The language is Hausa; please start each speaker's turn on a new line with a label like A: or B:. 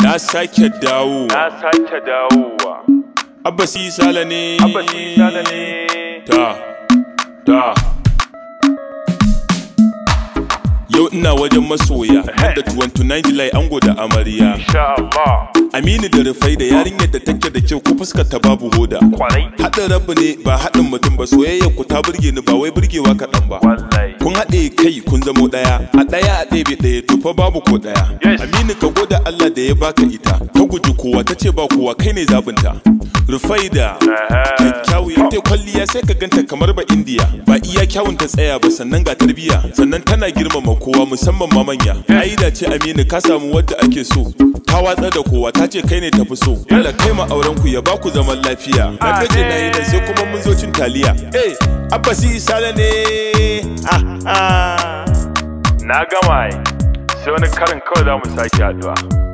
A: Na sake dawo. Na sake dawowa. Sala ne. Ta. Ta. Yau ina wajen masoya, hadda 29 July ango da amarya. Insha Allah. Aminu da Rufai da yarinyar da take da kyau ko fuska ta babu hoda. Kwarai. Haɗin rabu ne ba haɗin mutum ba soyayya ku ta burge ni ba wai burgewa kaɗan ba. Wallahi. kun haɗe kai kun zamo ɗaya a ɗaya a ɗebe ɗaya to fa babu ko ɗaya aminu ka gode Allah da ya baka ita ka guji kowa ta ce ba kowa kai ne zabinta rufaida kyakkyawu ya ta kwalliya sai ka ganta kamar ba indiya ba iya kyawun ta tsaya ba sannan ga tarbiyya. sannan tana girmama kowa musamman ma manya aida ce aminu ka samu wadda ake so ta watsa da kowa ta ce kai ne tafi so Allah kai ma auren ku ya baku zaman lafiya na kace na yi sai kuma mun zo cin taliya eh abbasi isa ne a ah. na gama sai wani karin kawai za mu sake addu'a.